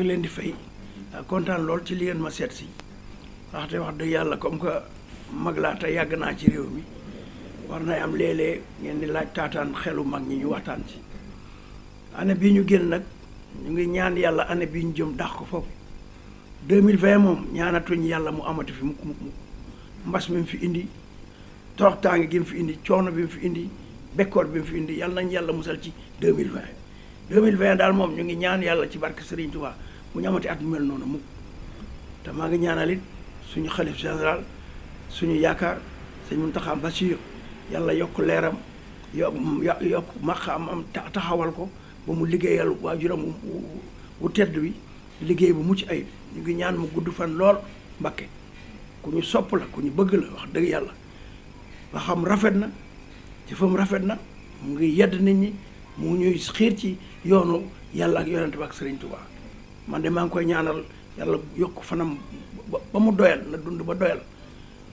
ngi leen di fay ah, kontaan lool ci li ngeen ma seet si waxte wax dëgg yàlla comme que mag laa te yàgg naa ci réew mi war nay am léeg-léeg ngeen di laaj taataan xelu mag ñi ñu waxtaan ci année bii ñu génn nag ñu ngi ñaan yàlla année bii ñu jëm dax ko foofu 2020 moom ñaanatuñ yàlla mu amati fi muk mukk mukk mbas mi mu fi indi toroxtaange gi mu fi indi coono bi mu fi indi bekkoor bi mu fi indi yàlla nañ yàlla musal ci 2020 2020 daal moom ñu ngi ñaan yàlla ci barke Serigne Touba bu ñu amati at mu mel noonu mukk te maa ngi ñaanal suñu xalif général suñu yaakaar sëñ Muntaxa Basiir yàlla yokk leeram yo yokk maqaam am taxawal ko ba mu liggéeyal waajuram wu tedd wi liggéey bu mucc ay ñu ngi ñaan mu gudd fan lool Mbakke ku ñu sopp la ku ñu bëgg la wax dëgg yàlla waxam rafet na jëfam rafet na mu ngi yedd nit ñi mu ñuy xiir ci yoonu yàlla ak yonent ba ak Sëriñ Tuubaa man de maa ngi koy ñaanal yàlla yokk fanam ba mu doyal na dund ba doyal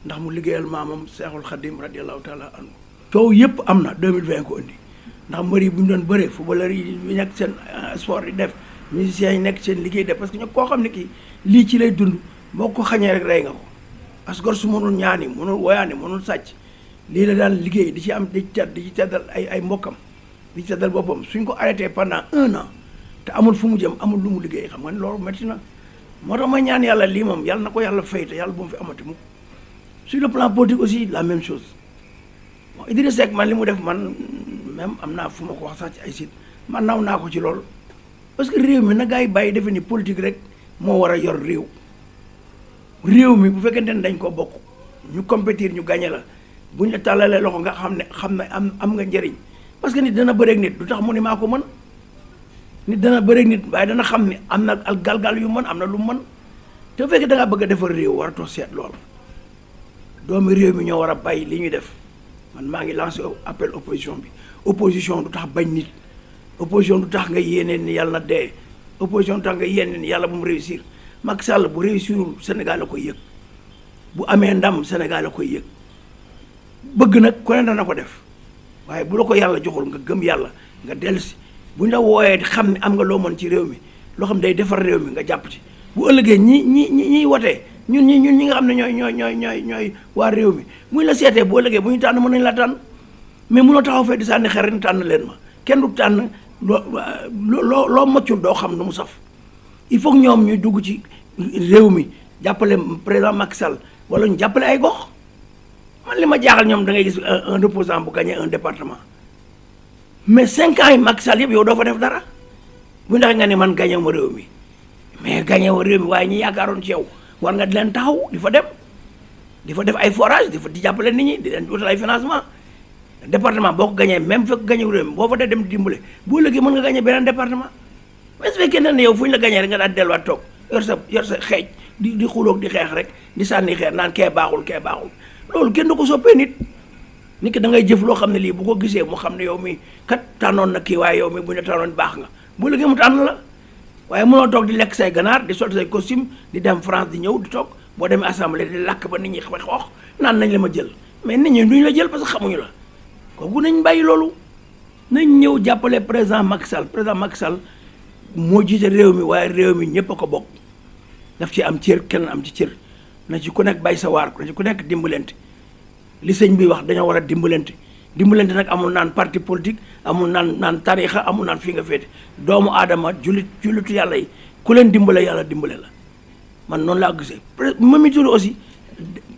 ndax mu liggéeyal maamam seexul xadim radiallahu taala anhu coow yëpp am na 2020 ko indi ndax mbër yi bu ñu doon bëree footballeur yi ñu nekk seen euh, sport yi def musiciens yi nekk seen liggéey def parce que ñoo koo xam ne kii lii ci lay dund boo ko xañee rek rey nga ko asgor su mënul ñaani mënul woyaani mënul sàcc lii la daan liggéey di ci am di ci di ci teddal ay ay mbokkam di ci teddal boppam suñ ko arrêté pendant un an te amul fu mu jëm amul lu mu liggéey xam nga ne loolu métti na moo tax ma ñaan yàlla lii moom yàlla na ko yàlla fay te yàlla bu mu fi amati mukk sur le plan politique aussi la même chose bon Idrissa Seck man li mu def man même am naa fu ma ko wax sax ci ay site man naw naa ko ci loolu parce que réew mi na gars yi bàyyi defe ni politique rek moo war a yor réew réew mi bu fekkente ne dañ koo bokk ñu compétir ñu gagné la buñ la tàllalee loxo nga xam ne xam ne am am nga njëriñ parce que nit dana bëreeg nit tax mu ne maa ko mën nit dana bëri nit waaye dana xam ni am na al galgal yu mën am na lu mën te bu fekkee da bëgg a defar réew waratoo seet lool doomi réew mi ñoo war a bàyyi li ñuy def man maa ngi lancé appel opposition bi opposition du tax bañ nit opposition du tax nga yéeneen ni yàlla na dee opposition du tax nga yéeneen yàlla bu mu réussir Macky Sall bu réussirul Sénégal la koy yëg bu amee ndam Sénégal la yëg bëgg nag ku na dana ko def waaye bu la ko yàlla joxul nga gëm yàlla nga dellusi bu ñu la wooyee xam ne am nga loo mën ci réew mi loo xam day defar réew mi nga jàpp ci bu ëllëgee ñi ñi ñi ñiy wotee ñun ñi ñun ñi nga xam ne ñooy ñooy ñooy ñooy ñooy waa réew mi buñ la seetee bu ëllëgee bu ñu tànn mën nañ la tànn mais mënoo taxaw fee di sànni xeer ni tànn leen ma kenn du tànn loo loo loo moccul doo xam nu mu saf il faut ñoom ñu dugg ci réew mi jàppale président Macky Sall wala ñu jàppale ay gox man li ma jaaxal ñoom da ngay gis un reposant bu gagné un département mais cinq ans yi sal Sall yëpp yow doo fa def dara bu ndax nga ne man gagné ma réew mi mais gagné wa réew mi waaye ñi yaakaaroon ci yow war nga di leen taxaw di fa dem di fa def ay forage di fa di jàppale nit ñi di leen wutal ay financement département boo ko gagné même fekk gagné réew mi boo fa dee dem dimbale boo léegi mën nga gagné beneen département mais su fekkee ne yow fu ñu la gañee rek nga daal delluwaat toog yor sa yor sa xeej di di xuloog di xeex rek di sànni xeer naan kee baaxul kee baaxul loolu kenn du ko soppee nit nit ki da ngay jëf loo xam ne lii bu ko gisee mu xam ne yow mi kat tànnoon na kii waaye yow mi bu ñu tànnoon baax nga bu liggéey mu tànn la waaye mënoo toog di lekk say ganaar di sotti say costume di dem France di ñëw di toog boo demee assemblée di làkk ba nit ñi xoox naan nañ la ma jël mais nit ñi duñ la jël parce que xamuñu la ko kooku nañ bàyyi loolu nañ ñëw jàppale président Macky Sall président Macky Sall moo jiite réew mi waaye réew mi ñëpp a ko bokk daf ci am cër kenn am ci cër na ci ku nekk bàyyi sa waar na ku nekk dimbalante li sëñ bi wax dañoo war a dimbalante dimbalante nag amul naan parti politique amul naan naan tariixa amul naan fii nga féete doomu aadama jullit jullitu yàlla yi ku leen dimbale yàlla dimbale la man noonu laa gisee Mimi Touré aussi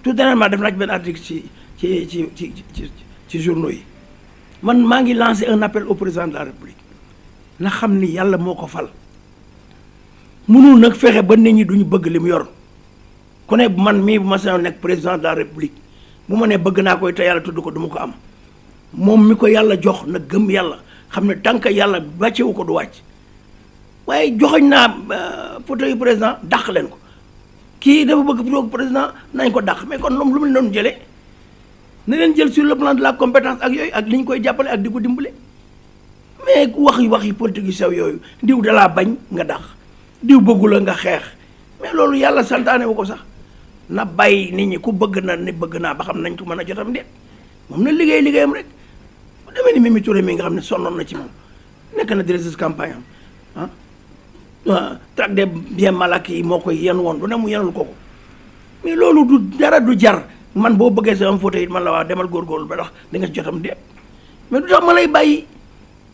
tout dernièrement def naa ci benn article ci ci ci ci ci journaux yi man maa ngi lancé un appel au président de la république na xam ni yàlla moo ko fal mënul nag fexe ba nit ñi duñu bëgg li mu yor ku ne man mii bu ma sañoon nekk président de la république bu ma nee bëgg naa koy te yàlla tudd ko duma ko am moom mi ko yàlla jox na gëm yàlla xam ne tànk yàlla wàccewu ko du wàcc waaye joxoñ naa fauteuil président dàq leen ko kii dafa bëgg toog président nañ ko dàq mais kon loom lu mu leen doon jëlee na leen jël sur le plan de la compétence ak yooyu ak li ñu koy jàppale ak di ko dimbale mais wax yi wax yi politique yu sew yooyu diw dalaa bañ nga dàq diw bëggu la nga xeex mais loolu yàlla santaane wu ko sax na bàyyi nit ñi ku bëgg na ne bëgg naa ba xam nañ ko mën a jotam déet moom na liggéey liggéeyam rek bu demee ni Mimi Touré mi nga xam ne sonoon na ci moom nekk na directrice campagne am ah de ah, des biens mal moo koy yan woon du ne mu yanul kooku mais loolu du dara du jar man boo bëggee sa am fauteuil man la waa demal góorgóorlu ba tax di nga si jotam déet mais du tax ma lay bàyyi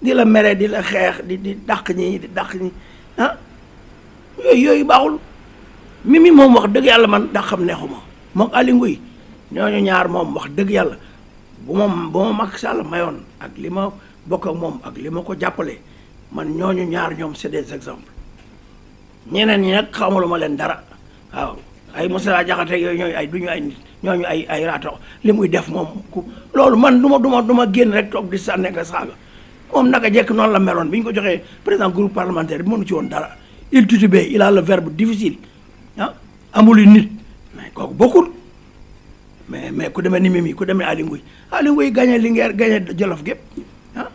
di la mere di la xeex di di dàq ñi di dàq ñi ah yooyu yooyu baaxul Mimi moom wax dëgg yàlla man ndax xam neexuma moog Aly Ngouille ñooñu ñaar moom wax dëgg yàlla bu moom bu ma Macky mayoon ak li ma bokk moom ak li ma ko jàppale man ñooñu ñaar ñoom c'est des exemples ñeneen ñi nag xamaluma leen dara waaw ay Moussa Diakhaté yooyu ñooñu ay duñu ay nit ñooñu ay ay raato li muy def moom ku loolu man du ma du ma du ma génn rek toog di sànne ka saaga moom naka jekk noonu la meloon bi ñu ko joxee président groupe parlementaire bi mënu ci woon dara il titubait il a le verbe ah amul nit mais kooku bokkul mais mais ku demee ni Mimi ku demee Aly Ngouille Aly Ngouille gagné Linguère gagné Jolof gépp ah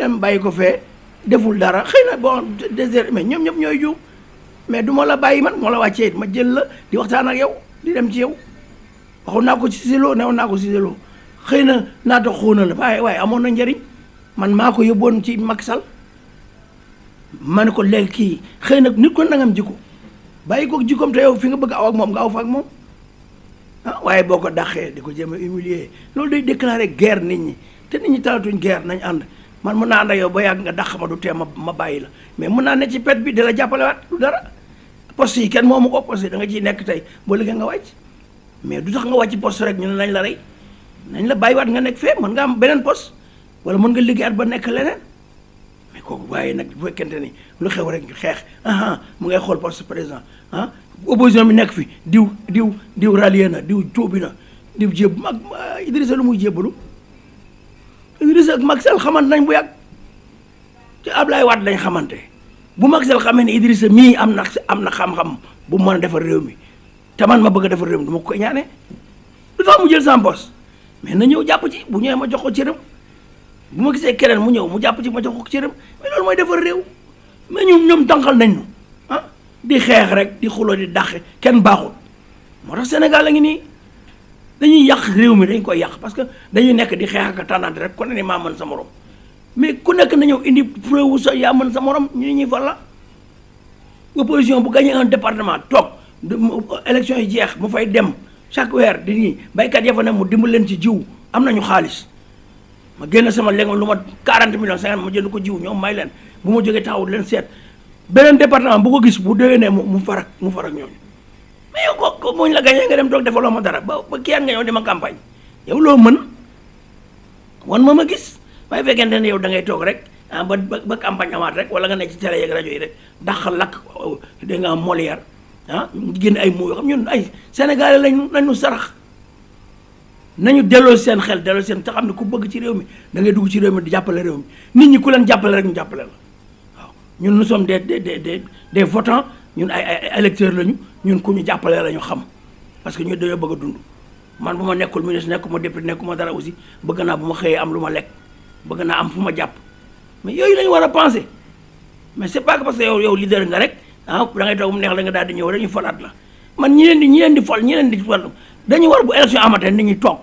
dem bàyyi ko fee deful dara xëy na bon désert mais ñoom ñëpp ñooy juum mais du ma la bàyyi man moo la wàccee it ma jël la di waxtaan ak yow di dem ci yow waxoon naa ko ci silo newoon naa ko ci silo xëy na naata xóona la waaye waaye amoon na njariñ man maa ko yóbboon ci Macky Sall ma ne ko léegi kii xëy na nit ko nangam jikko bàyyi koog jikkoom te yow fi nga bëgg aw ak moom nga aw fa ak moom ah, waaye boo ko dàqee di ko jéem a humilier loolu day déclarer guerre nit ñi te nit ñi talatuñ guerre nañ ànd man mën naa ànd ak yow ba yàgg nga dàq ma du tee ma ma bàyyi la mais mën naa ne ci pet bi di la jàppalewaat du dara yi kenn moomu ko poste da nga ciy nekk tey boo liggéey nga wàcc mais du tax nga wàcc poste rek ñu ne nañ la rey nañ la bàyyiwaat nga nekk mën nga am beneen post wala mën nga liggéeyaat ba nekk leneen mais kooku waaye nag bu fekkente ni lu xew rek ñu xeex aha mu ngay xool poste président ah opposition bi nekk fi diw diw diw rallier na diw jóobi na diw jéb mag Idrissa lu muy jébbalu Idrissa ak Macky Sall xamante nañ bu yàgg ci Ablaye Wade lañ xamante bu Macky Sall xamee ni Idrissa mii am na am na xam-xam bu mën a defar réew mi te man ma bëgg a defar réew mi du ma ko ñaanee lu tax mu jël sama poste mais na ñëw jàpp ci bu ñëwee ma jox ko cëram bu ma gisee keneen mu ñëw mu jàpp ci ma jox ko cëram mais loolu mooy defar réew mais ñoom dànqal nañ ñu ah di xeex rek di xuloo di dàqe kenn baaxul moo tax Sénégal a ngi nii dañuy yàq réew mi dañ koy yàq parce que dañuy nekk di xeex ak tànnante rek kon ne ni maa mën sa morom mais ku nekk na ñëw indi preuve sa yaa mën sa morom ñu ñuy fal la opposition bu gagné un département toog élection yi jeex mu fay dem chaque weer di nii baykat ya fa ne mu dimbal leen ci jiw am nañu xaalis ma génn sama léeg lu ma 40 millions 50 ma jënd ko jiw ñoom may leen bu ma jógee taxawul leen seet beneen département bu ko gis bu déwénee mu mu farak mu farak ñooñu mais yow ko ko buñ nga dem toog defaloo ma dara ba ba kiian nga ma campagne yow loo mën wan ma ma gis waaye fekkente ne yow da ngay toog rek ah ba ba campagne amaat rek wala nga ne si télé yeeg rajo yi rek dàq lakk da nga am Molière ah génn ay moo yoo xam ñun ay Sénégalais lañ lañu sarax nañu delloo seen xel delloo seen te xam ne ku bëgg ci réew mi da ngay dugg ci réew mi di jàppale réew mi nit ñi ku leen jàppale rek ñu jàppale la waaw ñun nous sommes des des des des votants ñun ay ay électeurs lañu ñun ku ñu jàppale la ñu xam parce que ñu dañoo bëgg a dund man bu ma nekkul ministre nekkuma député nekkuma dara aussi bëgg naa bu ma xëyee am lu ma lekk bëgg naa am fu ma jàpp mais yooyu lañu war a penser mais c'est pas que parce que yow yow leader nga rek ah da ngay toog mu la nga daal di ñëw rek ñu falaat la man ñi leen di ñi leen di fal ñi leen di fal dañu war bu élection amatee nit ñi toog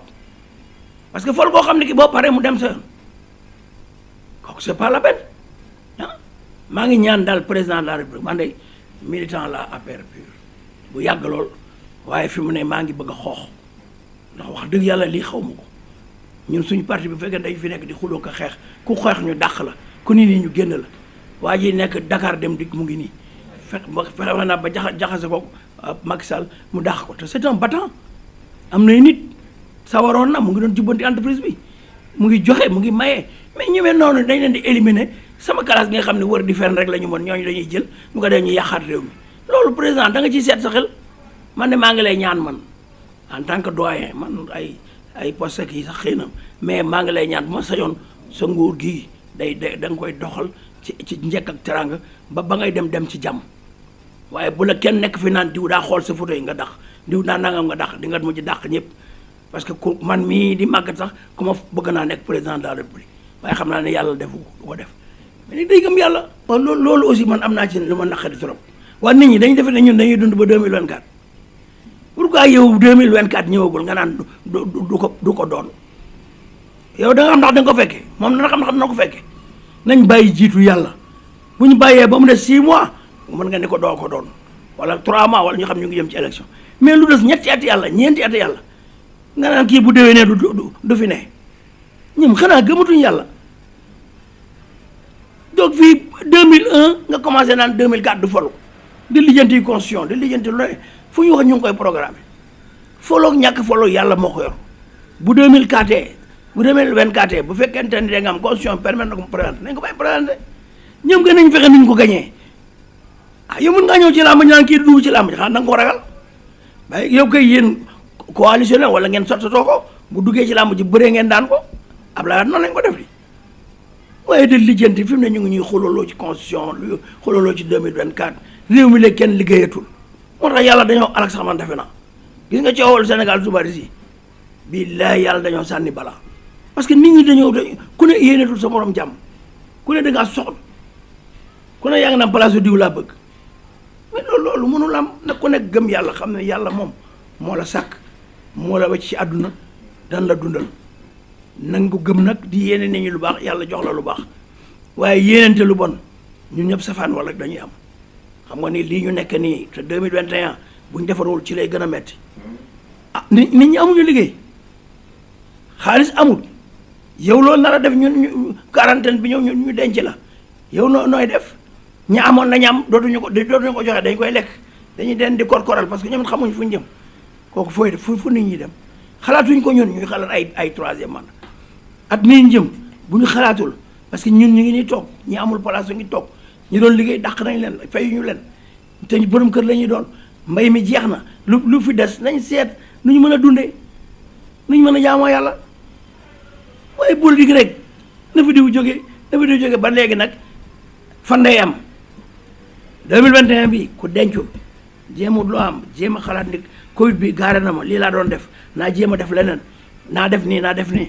parce que fol koo xam ne ki boo paree mu dem sa yoon ah. maa ngi ñaan daal président de la république man de militant la APR pur bu yàgg lool waaye fi mu ne maa ngi bëgg a xoox ndax wax dëgg yàlla lii xaw ma ko ñun suñu parti bu fekkee dañ fi nekk di xuloo ko xeex ku xeex ñu dàq la ku ni nii ñu génn la waa ji nekk Dakar dem dik mu ngi nii fex fexe naa ba jaxase ko ah, Macky Sall mu dàq ko te c'est un battant am nay nit sawaroon na mu ngi doon jubbanti entreprise bi mu ngi joxe mu ngi maye mais ñu mel noonu dañ leen di éliminer sama classe nga xam ne wër di fenn rek la ñu mën ñooñu dañuy jël mu ko dee ñu yàqaat réew mi loolu président danga nga ciy seet sa xel man de maa ngi lay ñaan man en tant que doyen man ay ay poste yi sax xëy na mais maa ngi lay ñaan bu ma sañoon sa nguur gii day day da nga koy doxal ci ci njëkk ak teranga ba ba ngay dem dem ci jàmm waaye bu la kenn nekk fi naan diw daa xool sa photo yi nga dax diw daa nangam nga dax di nga mujj dàq ñëpp parce que ku man mii di màggat sax ku ma bëgg naa nekk président de la république waaye xam naa ne yàlla defu du ko def mais nag yàlla. waaw loolu loolu aussi naa ci lu ma naqari trop waaye nit ñi dañuy defe ne ñun dañuy dund ba deux mille vingt quatre pourquoi yow deux mille vingt quatre ñëwagul nga naan du du ko du ko doon yow da xam nax da ko fekke moom dana xam ndax dana ko fekkee nañ bàyyi jiitu yàlla bu ñu bay yee ba mu des six mois mën nga ne ko doo ko doon wala trois mois wala ñu xam ñu ngi jëm ci élection mais lu des ñetti at yàlla ñeenti at yàlla. nga naan kii bu déwénee du du fi ne ñoom xanaa gëmatuñu yàlla donc fii 2001 nga commencé naan 2004 du falu di lijjanti constitution di lijjanti lu ne fu ñu wax ñu koy programme foloog ñàkk foloog yàlla moo ko yor bu 2004 bu 2024 bu fekkente ni da nga am constitution permettre na ko mu présenté nañ ko bàyyi présenté ñoom gën nañ fexe niñ ko gañee ah yow mën ngaa ñëw ci làmb ñu naan kii dugg ci làmb ji xanaa da nga yow kay yéen coalition la wala ngeen sottatoo ko bu duggee ci làmb ji bëree ngeen daan ko Abdoulaye Wade noonu lañ ko def li waaye de lijjanti fi mu ne ñu ngi ñuy xuloloo ci constitution lu xuloloo ci 2024 réew mi la kenn liggéeyatul moo tax yàlla dañoo alak sax defe naa gis nga coowal Sénégal su bari si billaay yàlla dañoo sànni bala parce que nit ñi dañoo ku ne yéenetul sa morom jàmm ku ne da ngaa soxla ku ne yaa ngi naan place diw laa bëgg mais loolu loolu mënul am nag ku nekk gëm yàlla xam ne yàlla moom moo la sàkk moo la wacc ci àdduna dan la dundal nangu gëm nag di yéene ñu lu baax yàlla jox la lu baax waaye yéenante lu bon ñun ñëpp safaan wala dañuy am xam nga ni lii ñu nekk nii te 2021 buñ defarul ci lay gën a metti ah nit ñi amuñu liggéey xaalis amul yow loolu nar a def ñun ñu quarantaine bi ñëw ñu ñu denc la yow noo nooy def ña amoon la ñam dootuñu ko dootuñu ko joxe dañ koy lekk dañuy den di korkoral parce que ñoom xamuñ ñu jëm. kooku fooy def fu fu nit ñi dem xalaatuñ ko ñun ñuy xalaat ay ay troisième mandat at mii jëm bu ñu xalaatul parce que ñun ñu ngi nii toog ñi amul place ñu ngi toog ñu doon liggéey dàq nañ leen fayuñu leen te borom kër la ñuy doon mbay mi jeex na lu lu fi des nañ seet nu ñu mën a dundee nu ñu mën a jaamoo yàlla waaye politique rek na fi diw jógee na fi diw jógee ba léegi nag fan day am 2021 bi ku dencu jéemut loo am jéem a xalaat nit Covid bi gaare na ma lii laa doon def naa jéem a def leneen naa def nii naa def nii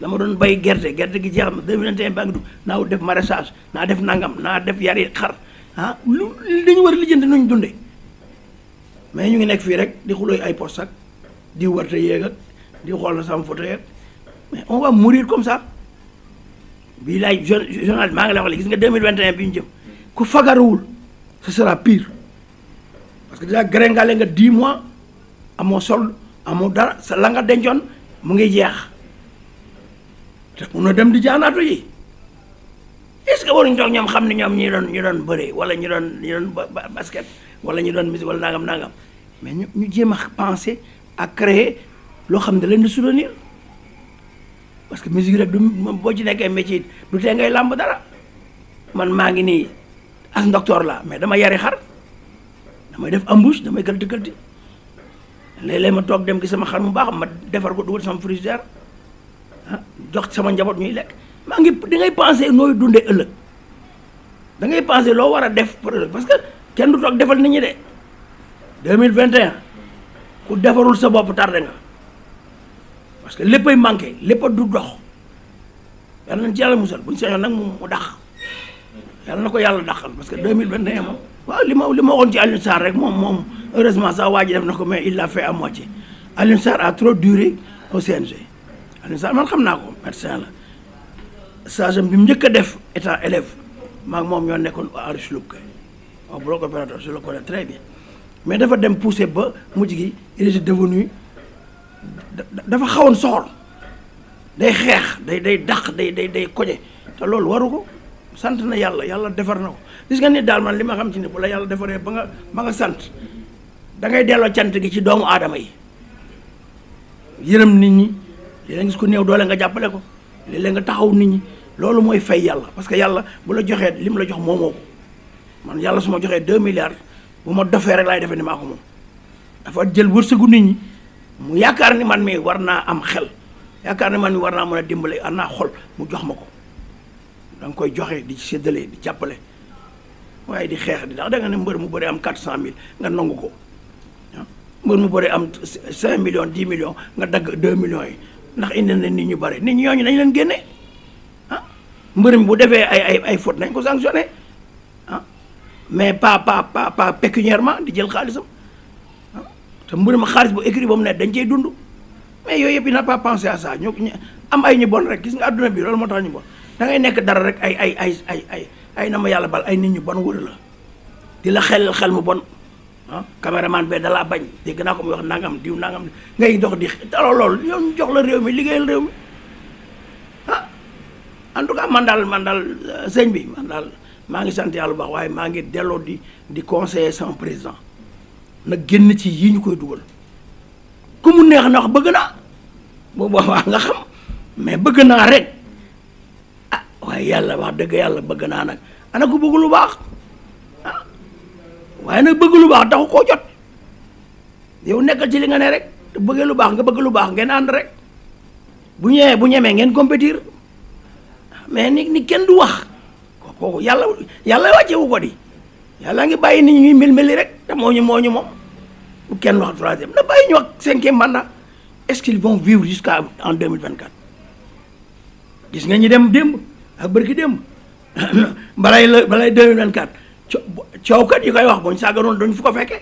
dama doon bay gerte gerte gi jeex na 2021 baa ngi du naa wut def maraîchage naa def nangam naa def yari xar ah lu dañu war a lijjanti nuñ dundee mais ñu ngi nekk fii rek di xulooy ay post ak di warte yéeg ak di xool na sama photo yeeg mais on va mourir comme ça bii laay journal maa ngi lay wax léegi gis nga 2021 bi ñu jëm ku fagaruwul ce sera pire parce que déjà grengale nga mois amoo sol amoo dara sa la nga mu ngi jeex te mun na dem di jaanaatu yi est-ce que waruñ toog ñoom xam ne ñoom ñi doon ñu doon bëre wala ñu doon ñu doon basket wala ñu doon musique wala nangam nangam mais ñu ñu jéem a penser à créer loo xam ne da leen parce que musique rek du boo ci nekkee métier du tee ngay làmb dara man maa ngi nii as ndoktoor la mais dama yari xar damay def embouche damay gëlti gëlti léeg-léeg ma toog dem gi sama xar mu baax ma defar ko dugal sama frigidaire ah jox sama njaboot ñuy lekk maa ngi da ngay pensé nooy dundee ëllëg dangay ngay loo war a def pour ëllëg parce que kenn du toog defal nit mille vingt 2021 ku defarul sa bopp tardé nga parce que léppay manqué lépp du dox yàlla nañ ci yàlla musal buñ sañoon nag mu dax yàlla na ko yàlla daxal parce que 2021 moom waaw li ma li ma waxoon ci Alioune Sarr rek moom moom. heureusement sax waa ji def na ko mais il l'a fait à moitié Alioune Sarr a trop duré au CNG Alioune Sarr man xam naa ko médecin la stage bi mu njëkk a def état élève maa moom ñoo nekkoon à Archeleuc au bloc opératoire je le connais très bien mais dafa dem poussé ba mujj gi il est devenu dafa xawoon soxor day xeex day day dàq day day day koñe te loolu waru ko sant na yàlla yàlla defar na ko gis nga nit daal man li ma xam ci ne bu la yàlla defaree ba nga ba sant da ngay delloo cant gi ci doomu aadama yi yërëm nit ñi li la gis ko néew doole nga jàppale ko li la nga taxaw nit ñi loolu mooy fay yàlla parce que yàlla bu la joxee li mu la jox moomoo ko man yàlla su ma joxee deux milliards bu ma dofee rek laay defee ni maa ko moom dafa jël wërsëgu nit ñi mu yaakaar ni man mii war naa am xel yaakaar ni man mii war naa mën a dimbale am naa xol mu jox ma ko da koy joxe di séddale di jàppale waaye di xeex di ndax da nga ne mbër mu bëri am quatre cent mille nga nangu ko mbër mu bëri am 5 millions 10 millions nga dagg 2 millions yi ndax indi na nit ñu bëri nit ñu nañ leen génne ah mbër mi bu defee ay ay ay faute nañ ko sanctionné ah mais pas pas pas di jël xaalisam ah. te mbër ma xaalis bu écrit ba mu ne dañ cey dund mais yooyu yëpp il n'a pas pensé à ça ñu am ay ñu bon rek gis nga adduna bi loolu moo tax ñu bon da nekk dara rek ay ay ay ay ay ay na ma yàlla bal ay nit ñu bon wër la di la xel xel mu bon. ah caméraman bee dalaa bañ dégg naa ko muy wax nangam diw nangam ngay dox di alors loolu yow ñu jox la réew mi liggéeyal réew mi ah en tout cas man daal man daal euh, sëñ bi man daal maa ngi sant yàlla bu waaye maa ngi delloo di di conseiller sama président nag génn ci yi ñu koy dugal ku mu neex na wax bëgg na boobu boobaa nga xam mais bëgg naa rek ah waaye yàlla wax dëgg yàlla bëgg na nag ana ku bëgg lu baax. waaye nag bëgg lu baax koo jot yow nekkal ci li nga ne rek te lu baax nga bëgg lu baax ngeen ànd rek bu ñëwee bu ñemee ngeen compétir mais ni ni kenn du wax kooku yàlla yàlla wàcce wu ko di yàlla ngi bàyyi nit ñuy mil-mili rek te moo ñu moo ñu moom bu kenn wax troisième na bàyyi ñu wax cinquième mandat est-ce qu'ils vont vivre jusqu'à en 2024 gis nga ñi dem démb ak bërki démb balay la balay 2024 coowkat yi kay wax buñ sàgganoon duñ fu ko fekkee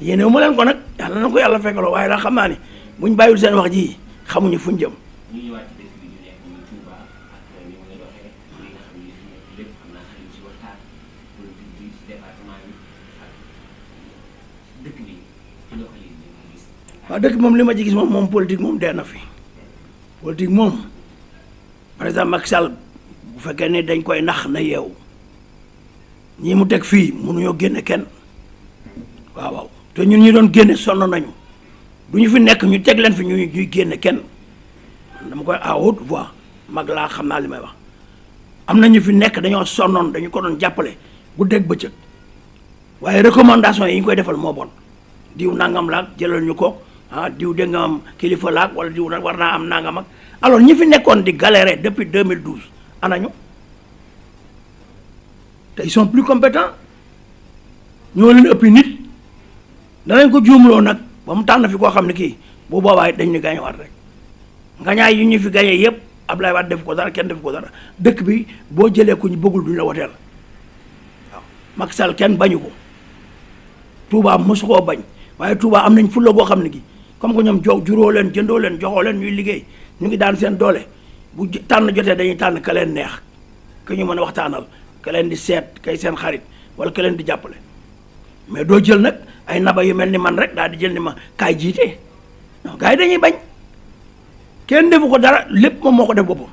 yéene mu leen ko nag yàlla na ko yàlla fekkaloo waaye daal xam seen wax ji xamuñu fuñ jëm. waaw dëkk moom li ma ci gis moom moom politique moom dee na fi politique moom par exemple Macky Sall bu fekkee ne dañ koy nax na yeewu. ñi mu teg fii mënuñoo génne kenn waaw waaw te ñun ñi doon génne sonn nañu du ñu fi nekk ñu teg leen fi ñu ñuy génne kenn dama koy à mag laa xam naa li may wax am na ñu fi nekk dañoo sonnoon dañu ko doon jàppale guddeeg bëccëg waaye recommandation yi ñu koy defal moo bon diw nangam laag jëlal ñu ko ah diw dégg nga kilifa laag wala diw war naa am nangam ak alors ñi fi nekkoon di galérer depuis 2012 anañu te ils sont plus compétents ñoo leen ëppi nit danañ ko juumloo nag ba mu tànn fi koo xam ne kii bu boobaa it dañ ñu gañewaat rek ngañaay yi ñu fi gañee yëpp Ablaye Wade def ko dara kenn def ko dara dëkk bi boo jëlee ko ñu bëggul duñu la woteel waaw Macky kenn bañu ko Touba mosu koo bañ waaye Touba am nañ fulla goo xam ne gi comme que ñoom jo juróo leen jëndoo leen joxoo leen ñuy liggéey ñu ngi daan seen doole bu tànn jotee dañuy tànn ka leen neex que ñu mën a waxtaanal ka di seet kay seen xarit wala keleen di jàppale mais doo jël nag ay naba yu mel ni man rek daal di jël ni ma kaay jiite non gars yi dañuy bañ kenn defu ko dara lépp moom moo ko def boppam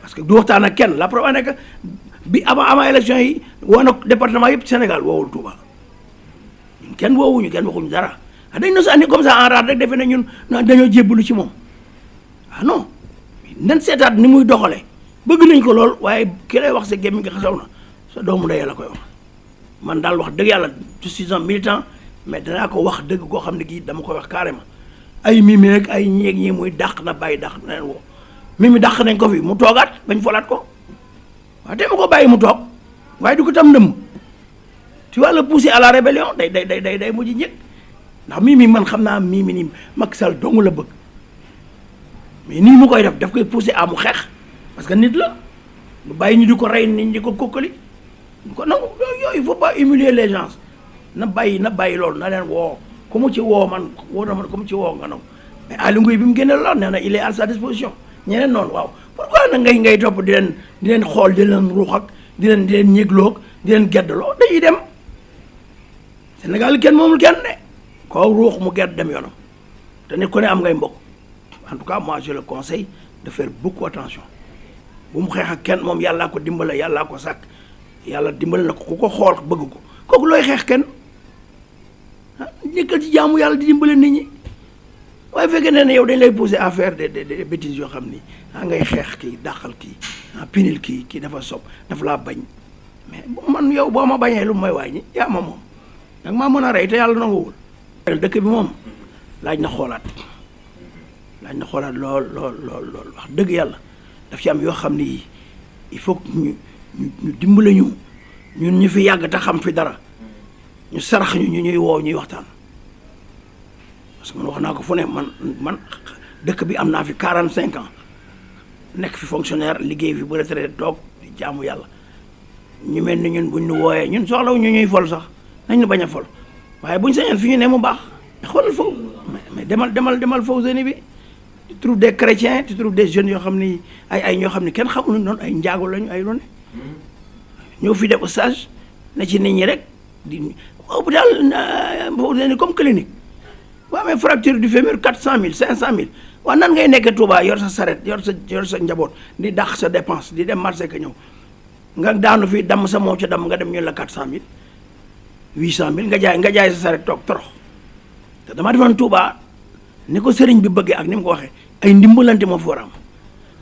parce que du waxtaan ak kenn la preuve nekk bi avant avant élection yi woo na département yëpp Sénégal woowul Touba ñun kenn woowuñu kenn waxuñu dara ah dañ na sa andi comme ça en rade rek defe ne ñun dañoo jébbalu ci moom ah non nan seetaat ni muy doxalee. bëgg nañ ko lool waaye ki wax sa gémmiñ nga xasaw na sa doomu ndey la koy wax man daal wax dëgg yàlla je suis un temps mais danaa ko wax dëgg koo xam ne kii dama koy wax carrément ay mimi rek ay ñeeg ñi muy dàq na bàyyi dàq na leen woo mimi dàq nañ ko fi mu toogaat bañ folaat ko waaye tey ko bàyyi mu toog waaye du ko tam ndëmm tu wàll le pousser à la rébellion day day day day day mujj njëkk ndax mimi man xam naa mimi ni Macky sal dong la bëgg mais nii mu koy def daf koy pousser à xeex. parce que nit la lu bàyyi ñu du ko rey nit ñi di ko kokkali ñu ko nangu il faut pas humilier les na bàyyi na bàyyi loolu na leen woo ku mu ci woo man woo man ku mu ci woo nga nangu mais Aliou bi mu génne loolu nee il est à sa disposition ñeneen noonu waaw pourquoi nag ngay ngay topp di leen di xool di leen ruux di leen di di leen geddaloo dañuy dem Sénégal kenn moomul kenn de koo ruux mu gedd dem yoonam te nit ku am ngay mbokk en tout cas moi je le bu mu xeex ak kenn moom yàllaa ko dimbale yàllaa ko sàkk yàlla dimbale na ko ku ko xool bëgg ko kooku looy xeex kenn nekkal ci jaamu yàlla di dimbale nit ñi waaye fekkee ne ne yow dañ lay poser affaire de de bêtises yoo xam ni ah ngay xeex kii dàqal ki ah pinil kii kii dafa sob daf laa bañ mais man yow boo ma bañee lu may wàññi yaa ma moom da maa mën a rey te yàlla nanguwul dëkk bi moom laaj na xoolaat laaj na xoolaat lool lool lool lool wax dëgg yàlla daf ci am yoo xam ne yi il faut ñu ñu dimbale ñu ñun ñu fi yàgg te xam fi dara ñu sarax ñu ñu ñuy woo ñuy waxtaan parce que man wax naa ko fu ne man man dëkk bi am naa fi quarante cinq ans nekk fi fonctionnaire liggéey fi bu retraité toog di jaamu yàlla ñu mel ni ñun buñ ñu wooyee ñun soxlawu ñu ñuy fol sax nañ ñu bañ a fol waaye buñ sañoon fi ñu ne mu baax xoolal foofu mais demal demal demal foofu seni bi tu trouves des chrétiens tu trouves des jeunes yoo xam ni ay ay ñoo xam ni kenn xamuñu noonu ay njaago lañu ay lu ne ñoo fi def stage na ci nit ñi rek di hôpital euh, boobu comme clinique boo amee fracture du fémur quatre cent mille cinq cent mille waaw nan ngay nekkee Touba yor sa saret yor sa yor sa njaboot di dàq sa dépense di dem marché ka ñëw nga daanu fi damm sa moo ca damm nga dem ñu la quatre cent mille huit cent mille nga jaay nga jaay sa saret toog torox dama defoon Touba. ni ko sëriñ bi bëggee ak ni mu ko waxee ay ndimbalante moo fi war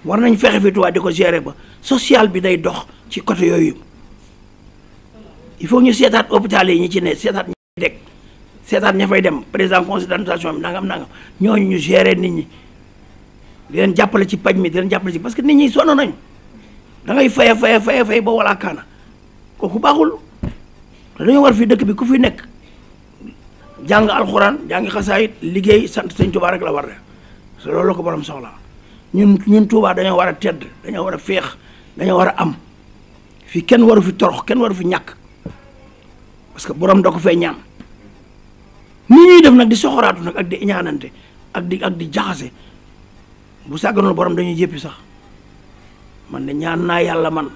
war nañ fexe fi Tuubaa di ko gérer ba social bi day dox ci côté yooyu il faut ñu seetaat hôpital yi ñu ci ne seetaat ñi fay dekk seetaat ña fay dem président conseil d'administration bi nangam nangam ñoo ñu gérer nit ñi di leen jàppale ci paj mi di leen jàppale ci parce que nit ñi sonn nañu da ngay faye faye faye ba walaa kaana kooku baaxul te war fii dëkk bi ku fi nekk jàng alxuraan jàng xasaayit liggéey sant sëñ Tuubaa rek la war a loolu la ko borom soxlaa ñun ñun Tuubaa dañoo war a tedd dañoo war a feex dañoo war a am fii kenn waru fi torox kenn waru fi ñàkk parce que borom da ko fay ñaan ni ñuy def nag di soxoraatu nag ak di ñaanante ak di ak di jaxase bu sàgganoon borom dañuy jéppi sax man de ñaan naa yàlla man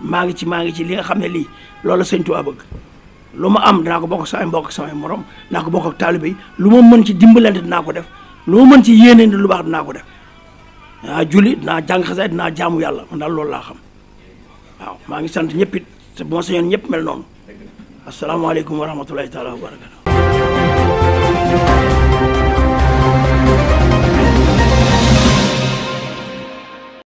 maa ngi ci maa ngi ci li nga xam ne lii loolu sëñ Tuubaa bëgg lu ma am dinaa ko bokk samay mbokk samay morom dinaa ko bokk ak lu ma mën ci dimbalante dina ko def lu ma mën ci yéeneente lu baax dinaa ko def dinaa julli dinaa jàng xasaay dinaa jaamu yàlla man daal loolu laa xam waaw maa ngi sant ñëpp it te bu ma sañoon ñëpp mel noonu asalaamaaleykum wa rahmatulahi taala wa barakatu